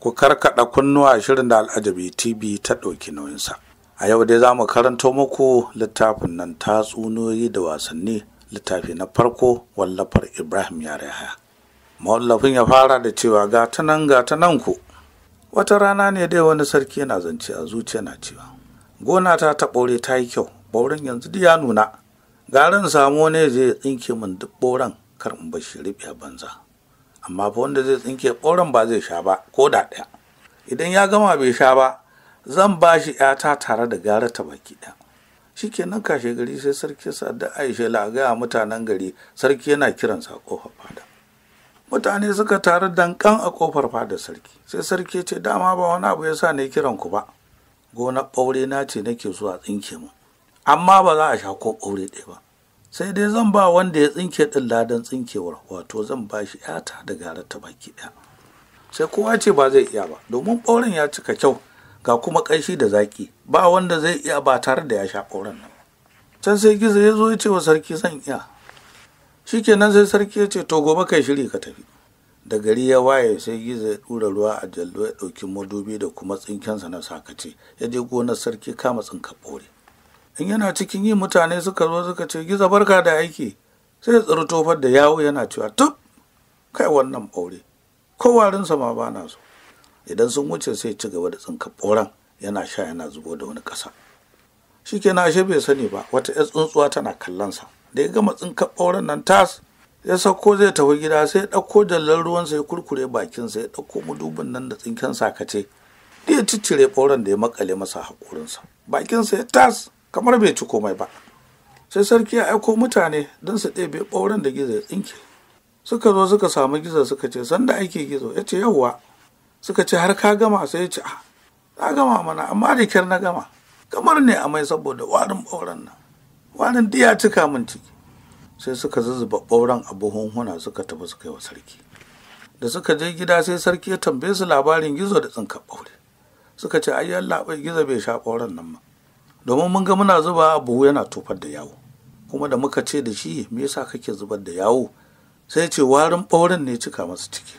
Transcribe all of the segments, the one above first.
ku karkada kunnuwa shirin da al'ajabi tv ta ɗauki nauyinsa a yau dai za mu karanto muku littafin nan ta tatsuniyoyi da wasanni littafi na farko wallafar ibrahim ya raya mawallafin ya fara da cewa gata nan gata nan ku wata rana ne dai wani sarki yana zance a zuciya na cewa gona ta ta ta yi kyau ɓauren yanzu duk ya nuna garin samo ne zai tsinke min duk ɓauren kar in bashi riɓe a banza amma fa wanda zai tsinke ƙoran ba zai sha ba ko da ɗaya idan ya gama bai sha ba zan ba shi ‘yata tare da gara ta baki ɗaya shi kenan kashe gari sai sarki da aisha la gaya mutanen gari sarki yana kiran sa ƙofar fada mutane suka tare dankan a ƙofar fada sarki sai sarki ce dama ba wani abu ya sa ne kiran ku ba gona ɓaure na ce nake zuwa tsinke mu amma ba za a sha ko ɓaure ɗaya ba sai dai zan ba wanda ya tsinke ɗin ladan tsinkewar wato zan ba shi yata da gara ta baki ɗaya sai kowa ce ba zai iya ba domin ɓauren ya cika kyau ga kuma ƙanshi da zaƙi ba wanda zai iya ba tare da ya sha ɓauren nan can sai gizo ya zo ya ce wa sarki zan iya shi kenan sai sarki ya ce to gobe kai shiri ka tafi da gari ya waye sai gizo ya ɗura ruwa a jallo ya ɗauki madubi da kuma tsinkensa na sakace ya je gonar sarki kama tsinka ɓore in yana cikin yi mutane suka zo suka ce gizo barka da aiki sai tsaro tofar da yawo yana cewa tuk kai wannan ɓaure kowarinsa ma ba na so idan sun wuce sai ci gaba da tsinka ɓoran yana sha yana zubo da wani ƙasa shi ke ashe bai sani ba wata ya tsuntsuwa tana kallonsa da ya gama tsinka ɓoran nan tas ya sauko zai tafi gida sai ya ɗauko jallar ruwansa ya kurkure bakinsa ya ɗauko mudubin nan da tsinken sakace da ya ciccire ɓoran da ya makale masa haƙorinsa bakinsa ya tas kamar bai ci komai ba sai sarki ya aiko mutane don su ɗebe ɓauren da gizo ya tsinke suka zo suka samu gizo suka ce sanda ake gizo ya ce yauwa suka ce har ka gama sai ya ce a ah, na gama mana amma da kyar na gama kamar ne a mai saboda warin ɓauren nan warin diya cika min ciki sai suka zuzzuba ɓauren a buhunhuna suka tafi suka yi wa sarki da suka je gida sai sarki ya tambaye su labarin gizo da tsinka ɓaure suka ce ai yalla gizo bai sha ɓauren nan ma domin mun ga muna zuba buhu yana tofar da yawo kuma da muka ce da shi me yasa kake zubar da yawo sai ce warin ɓaurin ne cika masu ciki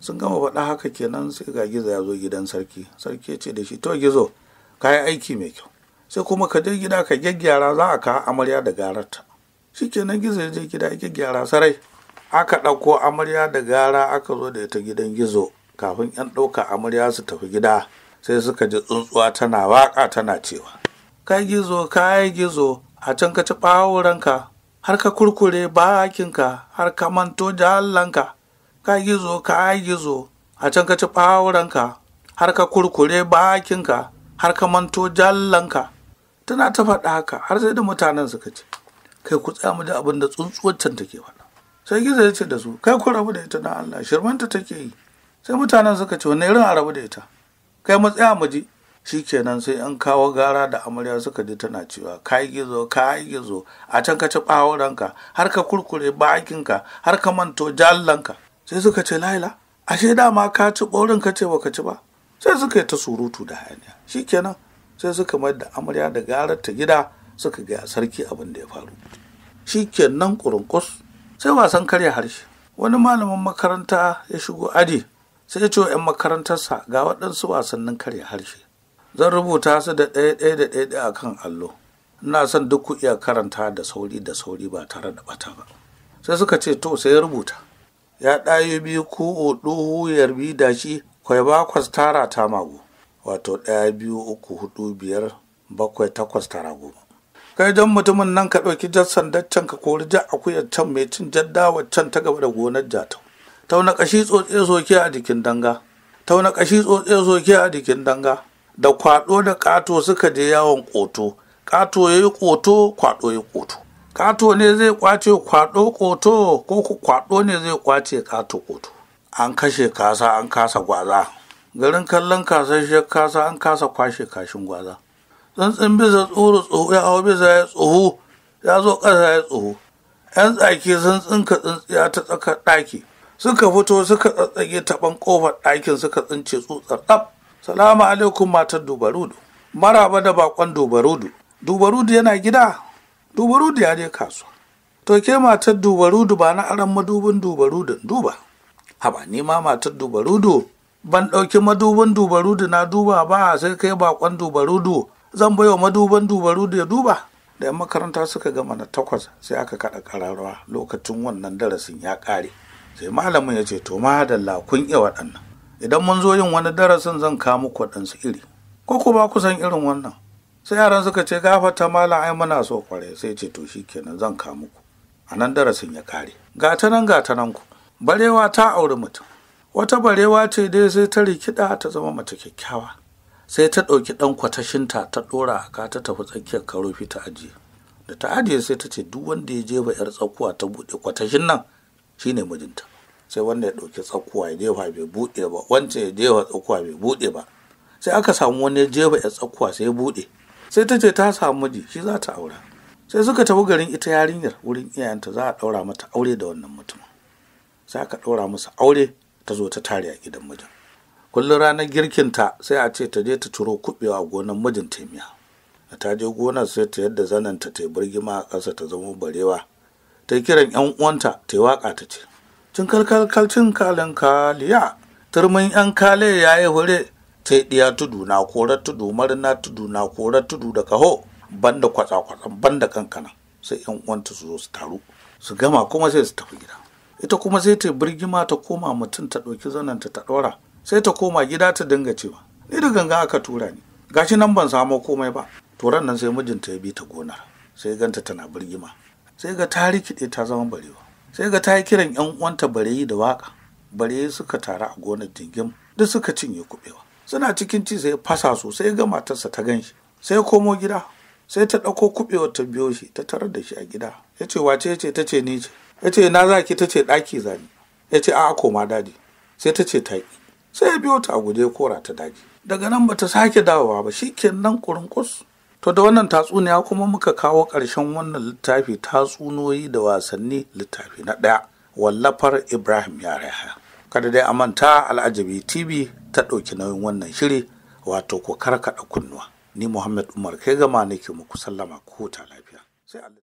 sun gama faɗa haka kenan sai ga gizo ya zo gidan sarki sarki ce da shi to gizo ka yi aiki mai kyau sai kuma ka je gida ka gyaggyara za a kawo amarya da gararta kenan gizo ya je gida gyaggyara sarai aka ɗauko amarya da gara aka zo da ita gidan gizo kafin 'yan ɗauka amarya su tafi gida sai suka ji tsuntsuwa tana waƙa tana cewa kai gizo kai gizo a can ka ci ɓawuranka har ka kurkure bakinka har ka manto jahallanka ka gizo ka gizo a can ka ci ɓawuranka har ka kurkure bakinka har ka manto jallanka tana ta faɗa haka har sai da mutanen suka ce kai ku tsaya mu da abin da tsuntsuwar can take faɗa sai gizo ya ce da su kai ku rabu da ita na Allah shirmanta take yi sai mutanen suka ce wani irin a rabu da ita kai mu tsaya mu ji shikenan sai an kawo gara da amarya suka ji tana cewa ka yi gizo ka yi gizo a can ka ci ranka har ka kurkure bakinka har ka manto jallanka sai suka ce laila ashe dama ka ci borin ka ce baka ci ba sai suka yi ta surutu da hayaniya shikenan sai suka mai da amarya da gara ta gida suka gaya sarki abin da ya faru shikenan kurunkus sai wasan karya harshe wani malamin makaranta ya shigo aji sai ya ce wa 'yan makarantarsa ga waɗansu wasannin karya harshe zan rubuta su da ɗaya ɗaya da ɗaya ɗaya a kan allo ina son duk ku iya karanta da sauri da sauri ba tare da ɓata ba sai suka ce to sai rubuta ya ɗayi biyu ku huyar yarbi da shi kwai bakwas tara ta mago wato ɗaya biyu uku huɗu biyar bakwai takwas tara goma kai don mutumin nan ka ɗauki jassan daccen ka kori ja akuyar can mai cin jadda waccan ta gaba da gonar jatau tauna ƙashi tsotse soke a jikin danga tauna ƙashi tsotse soke a jikin danga da kwaɗo da ƙato suka je yawon ƙoto ƙato ya yi ƙoto kwado ya ƙoto ƙato ne zai ƙwace kwado ƙoto ko kwado ne zai ƙwace ƙato ƙoto an kashe kasa an kasa gwaza garin kallon shi kasa an kasa kwashe kashin gwaza tsantsin bisa tsoro tsoho ya hau bisa ya tsoho ya zo ƙasa ya tsoho yan tsaki sun tsinka tsintsiya ta tsakar ɗaki suka fito suka tsatsage taban kofar ɗakin suka tsince tsutsar tsab salamu alaikum matar dubarudu maraba da bakon dubarudu dubarudu yana gida dubarudu ya je kasuwa to ke matar dubarudu ba na aran madubin Dubarudu duba haba ni ma matar dubarudu ban ɗauki madubin dubarudu na duba ba sai kai bakon dubarudu zan baiwa madubin dubarudu ya duba da yan makaranta suka gama na takwas sai aka kaɗa ƙararrawa lokacin wannan darasin ya ƙare sai malamin ya ce to ma da lakun iya waɗannan idan mun zo yin wani darasin zan kawo muku waɗansu iri ko ku ba ku kusan irin wannan sai yaran suka ce gafata mala ai muna so kware sai ce to shi kenan, zan kawo muku a nan darasin ya kare ga ta nan ga nan ku barewa ta auri mutum wata barewa ce dai sai ta rikida ta zama mata kyakkyawa sai ta ɗauki ɗan kwatashinta ta ɗora a ka ta tafi tsakiyar karofi ta ajiye da ta ajiye sai ta ce duk wanda ya jefa 'yar tsakuwa ta buɗe kwatashin nan shine mijinta sai wanda ya ɗauki tsakuwa ya jefa bai buɗe ba wancan ya jefa tsakuwa bai buɗe ba sai aka samu wani ya jefa ya tsakuwa sai ya buɗe sai ta ce ta samu miji shi za ta aura sai suka tafi garin ita yarinyar wurin iyayenta za a ɗaura mata aure da wannan mutumin sai aka ɗaura masa aure ta zo ta tare a gidan mijin kullum ranar girkin ta sai a ce ta je ta turo kuɓewa a gonar mijin taimiya da ta je gonar sai ta yadda zanen ta yi birgima a ƙasa ta zama barewa ta kiran 'yan uwanta ta yi waƙa ta ce cin kalkalkal tun kalin kaliya turmin yan kale ya yi hure ta ɗiya tudu na korar tudu marina tudu na korar tudu da kaho Ban da kwatsa kwatsa ban da kankana sai yan uwanta su zo su taru su gama kuma sai su tafi gida ita kuma sai ta birgima ta koma mutum ta ɗauki zananta ta ɗora sai ta koma gida ta dinga cewa ni da ganga aka tura ni gashi nan ban samo komai ba to nan sai mijinta ya bi ta gonar sai ganta tana birgima sai ga ta rikide ta zama barewa sai ga ta yi kiran yan uwanta bareyi da waka bareyi suka taru a gonar dingim duk suka cinye kubewa suna cikin ci sai fasa sosai ga matarsa ta ganshi sai komo gida sai ta ɗauko kuɓewar ta biyo shi ta tarar da shi a gida ya ce wace ce ta ce ni ce ya ce na za ki ta ce ɗaki za ya ce a'a koma daji sai ta ce taƙi sai ya biyo ta a guje kora ta daji daga nan ba ta sake dawowa ba shi kenan kurinkus To da wannan tatsuniya kuma muka kawo ƙarshen wannan littafi tatsuniyoyi da wasanni littafi na ɗaya wallafar Ibrahim ya Yaraya. Kada dai a manta Al'ajabi TV ta ɗauki nauyin wannan shiri wato ko karkaɗa kunnuwa. Ni Muhammad Umar kai gama nake muku sallama ko huta lafiya.